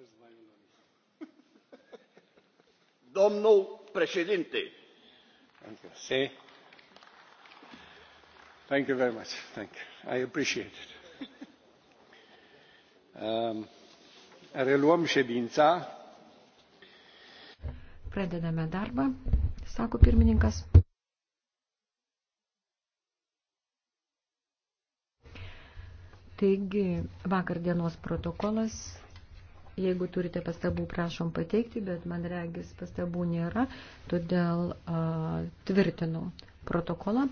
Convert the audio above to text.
Domnul președinte. Thank you. See? Thank you very much. Thank you. I appreciate it. Um, reluăm ședința. Pradedame darbą, sako pirmininkas. Taigi vakar dienos protokolas Jeigu turite pastabų, prašom pateikti, bet man regis pastabų nėra, todėl a, tvirtinu protokolą.